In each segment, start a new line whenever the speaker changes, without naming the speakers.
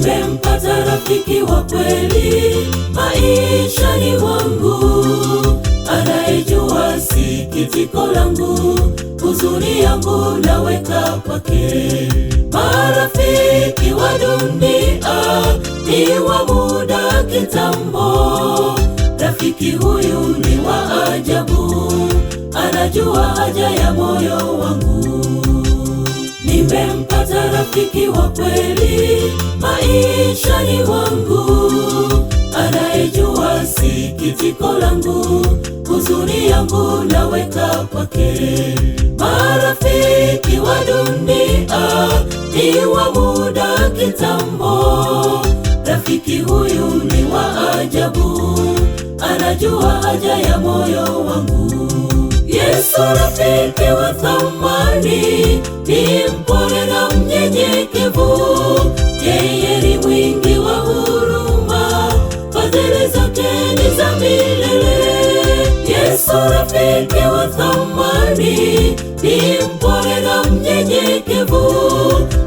nimempata rafiki wa kweli maishani mwangu, anayejua sikitiko langu, huzuni yangu naweka kwake. Marafiki wa dunia ni wa muda kitambo, rafiki huyu ni wa ajabu, anajua haja ya moyo wangu rafiki wa kweli maishani wangu, anayejua sikitiko langu, huzuni yangu naweka kwake. Marafiki wa dunia ni wa muda kitambo, rafiki huyu ni wa ajabu, anajua haja ya moyo wangu. Yesu rafiki wa thamani ni mpole na mnyenyekevu, yeye ni mwingi wa huruma, fadhili zake ni za milele. Yesu rafiki wa thamani, ni mpole na mnyenyekevu,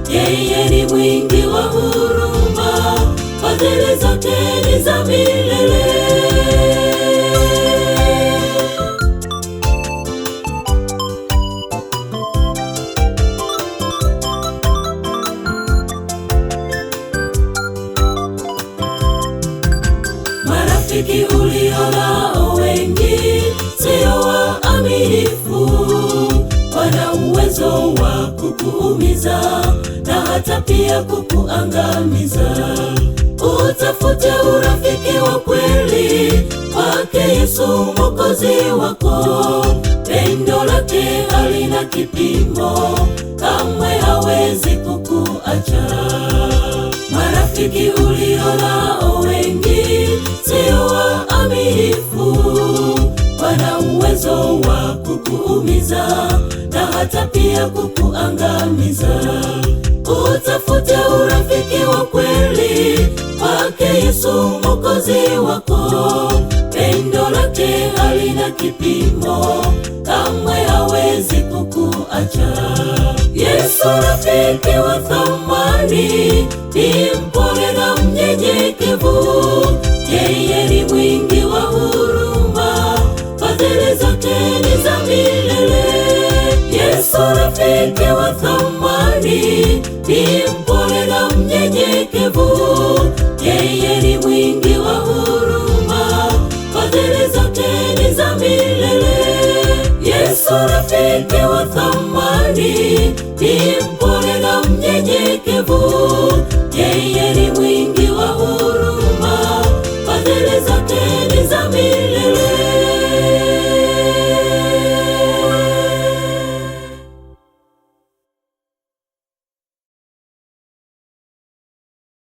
yeye ni mwingi wa huruma, fadhili zake ni za milele. Marafiki ulio nao wengi sio waaminifu, wana uwezo wa kukuumiza na hata pia kukuangamiza. Utafute urafiki wa kweli kwake Yesu Mwokozi wako. Pendo lake halina kipimo, kamwe hawezi kukuacha. Marafiki ulio kuangamiza na hata pia kukuangamiza. Utafute urafiki wa kweli wake Yesu Mwokozi wako. Pendo lake halina kipimo, kamwe hawezi kukuacha. Yesu rafiki wa thamani, ni mpole na mnyenyekevu, yeye ni mwingi wa huruma, fadhili zake ni za milele. Mtafiti thamani ni mpole na mnyenyekevu, yeye ni mwingi wa huruma, fadhili zake ni za milele. Yesu rafiki thamani ni mpole na mnyenyekevu